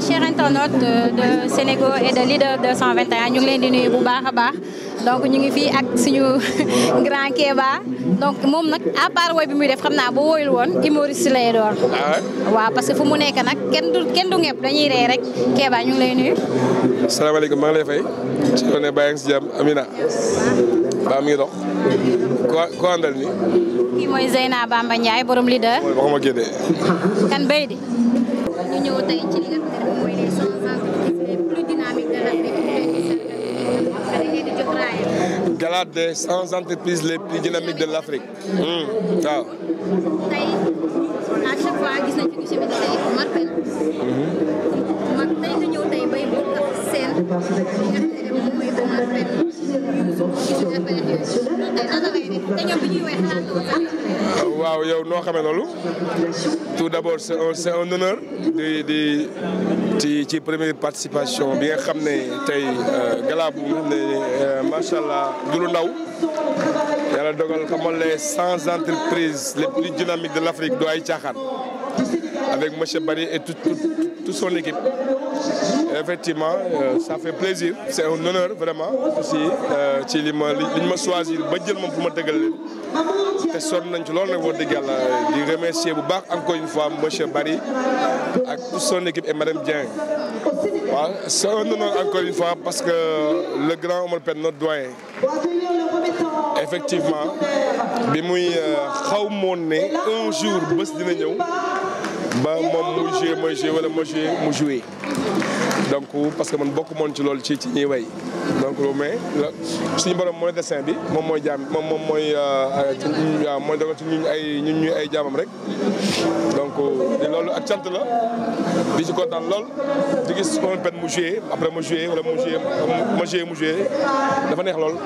voilà chers de Sénégo et de leader 221 ñu ngi leen di nuyu bu baax a baax donc ñu ngi fii ak suñu grand Kéba donc moom nag à part woy bi muy def xam naa boo woyul woon humoriste lay doon. Ah waaw parce que fu mu nekk nag kenn du dañuy ree rek Kéba ñu ngi lay nuyu. salaamaaleykum maa ngi lay fay. baa mi ngi ko ko ni kii mooy Zeyna Bamba Ndiaye borom leader. kan béy di. ñu ñëw tey ci li nga xam ne mooy les cent ans les plus dynamiques de l'Afrique gala des cent entreprises les plus dynamiques de l'Afrique waaw tey à chaque fois gis nañ fi monsieur tey ñëw tey bay bu seen nga xam ne waaw yow noo xamee loolu tout d'abord c'est un c'est un honneur di di ci première participation bi nga xam ne tey euh, gala bu euh, macha allah du lu ndaw yàlla dogal xamal les cent entreprises les plus dynamiques de l'Afrique du ay caaxaan avec monsieur Barry et toute toute son équipe effectivement euh, ça fait plaisir c'est un honneur vraiment aussi euh, ci li ma ñu ma choisir ba jël moom fu ma dëggal leen te sonn nañ ci loolu nag wax dëgg yàlla di remercier bu baax encore une fois monsieur Barry ak toute son équipe et madame Dieng c'est un honneur encore une fois parce que le grand Omar Pène notre doyen effectivement bi muy euh, xaw moon ne un jour bés dina ñëw ba moom monsieur joué ma joué wala ma joué mu joué donc parce que man bokk moon ci loolu ci ci ñuy way donc mais suñu borom mooy desin bi moom mooy jaam moom moom mooy euh, euh, mooy dogal ci ñu ay ñun ñu ay jaamam rek donc euh, loolu ak cant la di ci kontaan lool di gis moom pen mu joué après mu joué wala mu joué ma joué dafa neex lool.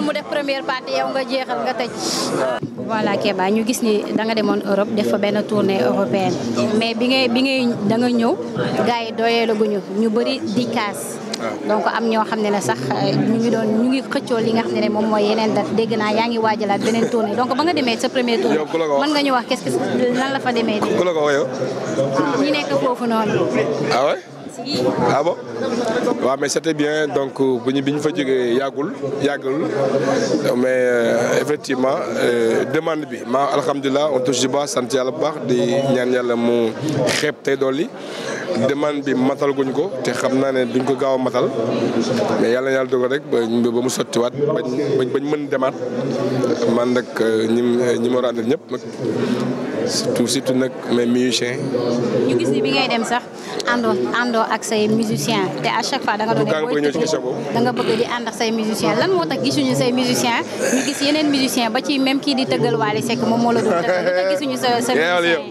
mu def première partie yow nga jeexal nga tëj. voilà Keba ñu gis ni danga demoon Europe def fa benn tournée européenne mais bi ngay bi ngay da ñëw gars yi doyeelaguñu ñu ñu bëri di kaas donc am ñoo xam ne ne sax ñu ngi doon ñu ngi xëccoo li nga xam ne ne moom mooy yeneen date dégg naa yaa ngi waajalaat beneen tournée donc ba nga demee sa premier tour mën nga ñu wax qu'est-ce que la fa demee. ku la ko wax yow. nekk foofu noonu. Ah ah bon waaw mais c'était bien donc euh, bu ñu bi ñu fa jógee yàggul yàggul mais euh, effectivement euh, demande bi ma alhamdulilah on touche du bas sant yàlla bu baax di ñaan yàlla mu xeeb tey yi demande bi matal guñ ko te xam naa ne duñ ko gaaw a matal mais yàlla yàlla dogal rek ba mu sottiwaat bañ bañ mën demaat man nag ñi ñi ma ràndal ñëpp nag surtout surtout nag mes ñu gis ni bi ngay dem sax. àndoo àndoo ak say musicien te à chaque fois da nga doon da nga bëgg di ànd say musicien lan moo tax gisuñu say musicien ñu gis yeneen musicien ba ci même kii di tëggal Wally Seck moom moo la doon tëggal gisuñu sa sa musicien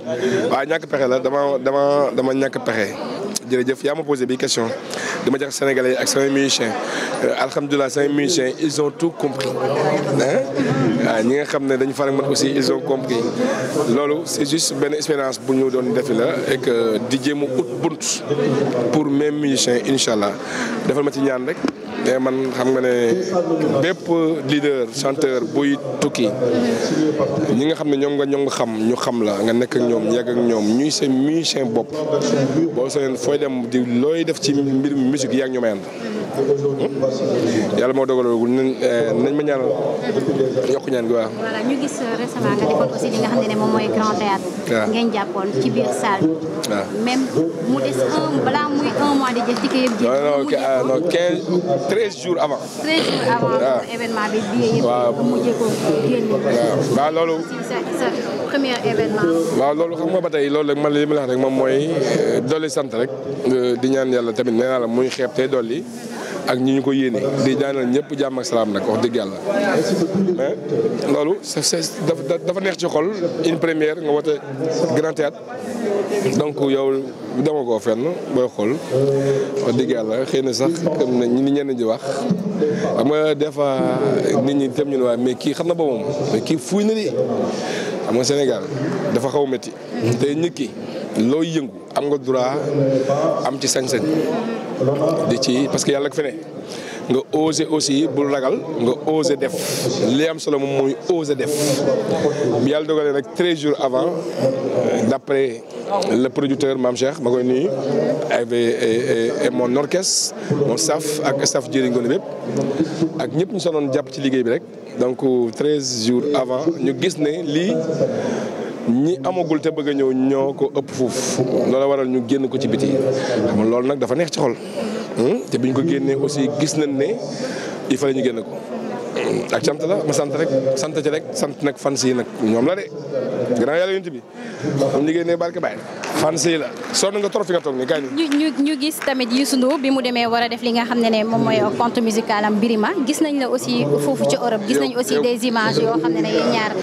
waaw ñàkk pexe la dama dama dama ñàkk pexe jërëjëf yaa ma posé bi question dama jax sénégalais ak samay musiciens euh, alhamdulilah samay musiciens ils ont tout compris ñi nga xam ne dañu faral man aussi ils ont compris loolu c'est juste benn expérience bu ñu doon defi la et que di jéem ut bunt pour même musicien incha allah defal ma ci ñaan rek. mais man xam nga ne bépp leader chanteur buy tukki ñi nga xam ne ñoom nga ñoom nga xam ñu xam la nga nekk ñoom yegg ak ñoom ñuy seen musicien bopp boo seen fooy dem di looy def ci mbir musique yaa ngi ñu yàlla moo dogalagul nañ eh, nañ ma ñaanal yokku ñaan gi ñu gis euh, récemment nga defoon aussi li nga xam ne moom mooy grand théâtre. ngeen jàppoon ci biir salle bi. waaw même mu des un balaa muy un mois di jël ticket yëpp. yëpp. loolu. sa sa rek moom mooy euh, dolli sant rek euh, di ñaan yàlla tamit nee la muy xeeb tey dolli. ak ñu ñu ko yéene di ñaanal ñëpp jàmm ak salaam nag wax dëgg yàlla mais loolu dafa neex ci xol une première nga woote grand théâtre donc yow dama koo fenn booy xool dëgg yàlla xëy na sax comme ni ñi ñenn di wax xam nga des fois nit ñi tam ñu ne mais kii xam na ba moom mais kii fuuy na di xam nga Sénégal dafa xaw métti te nit ki looy yëngu am nga droit am ci sañ-sañ di ci parce que yàlla ko fi nga oser aussi bul ragal nga oser def li am solo moom mooy oser def bi yàlla dogalee rek treize jours avant euh, d'après le producteur Mame Cheikh ma koy nuyu avec mon orchestre mon staff ak staff Jëriñ Ngoné bépp ak ñëpp ñu soloon jàpp ci liggéey bi rek donc treize jours avant ñu gis ne lii ñi amagul te bëgg a ñëw ñoo ko ëpp foofu loola waral ñu génn ko ci biti xam nga loolu nag dafa neex ci xol hmm? te biñ ko génnee aussi gis nañ ne il fallait ñu génn ko hmm. ak sant la ma sant rek sant ci rek sant nag fans yi nag ñoom la de gannaaw yàlla yonent bi am liggéey ne barke Baye fan sëy la sonn nga trop fi nga toog nii kañ ñu ñu gis tamit Youssou Ndour bi mu demee war a def li nga xam ne ne moom mooy compte musical am Birima gis nañ la aussi foofu ci Europe gis nañ aussi des images yoo xam ne ne yéen ñaar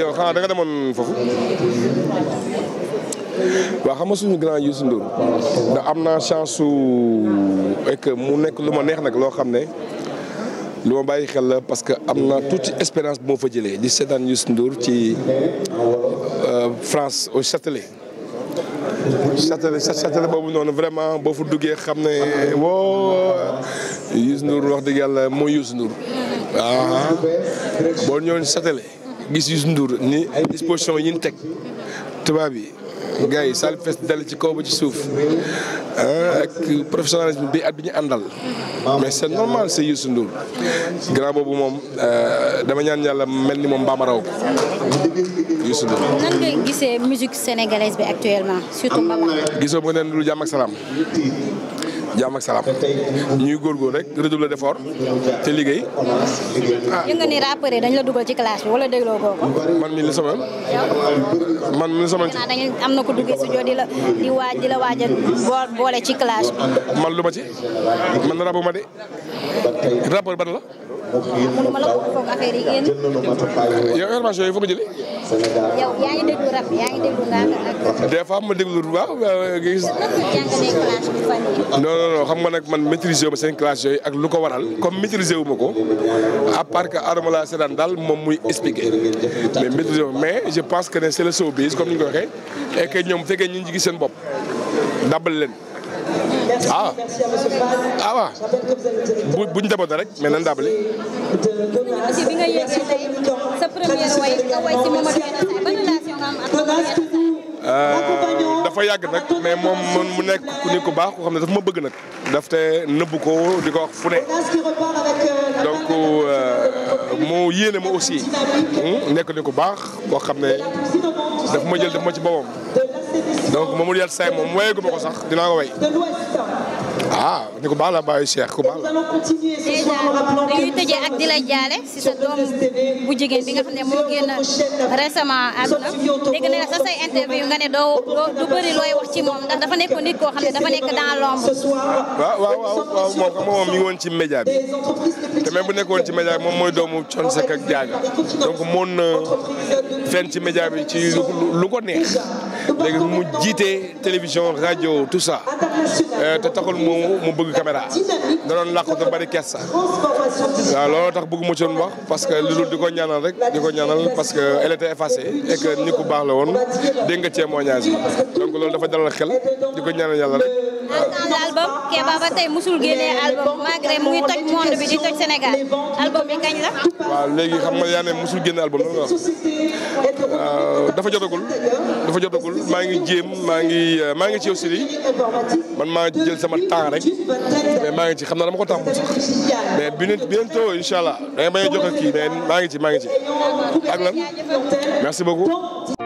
yow xanaa da nga demoon foofu waaw xam nga suñu grand Youssou Ndour da am naa chance su ek mu nekk lu ma neex nag loo xam ne lu ma bàyyi xel la parce que am na tuuti expérience bu ma fa jëlee di seetaan Youssou Ndour ci euh, France au Châtelet Châtelet Châtelet boobu noonu vraiment boo fu duggee xam ne woo Youssou Ndour wax dëgg yàlla mooy Youssou Ndour ah boo ñëwoon Châtelet gis Youssou Ndour ni disposition yi ñu teg tubaab yi gars yi saal fees dal ci kaw ba ci suuf ak professionnalisme bi at bi ñu àndal mais c'est normal c'est Youssou Ndour grand boobu moom euh, dama ñaan yàlla mel ni moom mbaama raw ko Youssou Ndour nan nga gisee musique sénégalaise bi actuellement surtout gisoo ak salaam jàmm ak salaam ñuy góorgóor rek redoubler d'effort te liggéey. ah yëngu ni rappeur dañ la dugal ci classe bi wala dégloo kooku. man mii li sama man mii li sama. dañu am na ko duggee studio di la di waaj di la waaj a boole ci classe bi. man lu ma ci man rappeur ma de rappeur ban la. mënuma la ko foog affaire yi génn. yow information yi foo yaa ngi déglu rap yaa des fois ma déglu bu baax nga xam nga nag man maîtriser wu ma seen classe yooyu ak lu ko waral comme maîtriser wu ma ko à part que Adama la seetaan daal moom muy expliquer mais maîtriser mais je pense que ne c'est le showbiz comme ni nga ko waxee ñoom bu fekkee ñu ngi gis seen bopp dabal leen. ah ah waaw bu bu ñu daboote rek mais nan daabali. monsieur bi nga yéegee tey sa euh, dafa yàgg nag mais moom man mu nekk ku ni ku baax koo xam ne dafa ma bëgg nag. daf te nëbbu ko di ko wax fu ne donc euh, mu yéene ma aussi hmm, nekk ni ku baax koo xam ne daf ma jël daf ma ci boppam. donc Mamadou Yat Saay moom wéyagu ma ko sax dinaa ko wéy. ah ni ko baax la bàyyi Cheikh ku baax la. dèjà dañuy tëjee jaale si sa doom bu jigéen bi nga xam ne moo génn récemment àdduna dégg doo doo looy wax ci moom ndax dafa nekk nit koo xam ne dafa nekk dans l'ombre. Ah, waaw moom mi woon ci média bi te même bu nekkoon ci média moom mooy doomu Thione Seck ak Diaga donc moon na ci média bi ci lu ko neex. léegi mu jiite télévision rajo tout ça euh, te taxul mu mu bëgg caméra da doon làqatu bari kersa waaw looloo tax bëgg ci woon parce que lu dul di ko ñaanal rek di ko ñaanal parce que elle était effacée et que baax la woon dégg nga témoignage yi donc loolu dafa dalal xel di ko ñaanal yàlla rek ensemble album Keba ba tey musul génnee album malgré mu ngi toj monde bi di toj Sénégal album bi kañ la. waaw léegi xam ma yaa ne musul génne album dafa jotagul dafa jotagul maa ngi jéem maa ngi maa ngi ci aussi Sidi man maa ngi jël sama temps rek maa ngi ci xam naa dama ko tàmm sax mais bi bientôt incha allah da nga bañ a joxe kii maa ngi ci maa ngi ci ak lan merci beaucoup.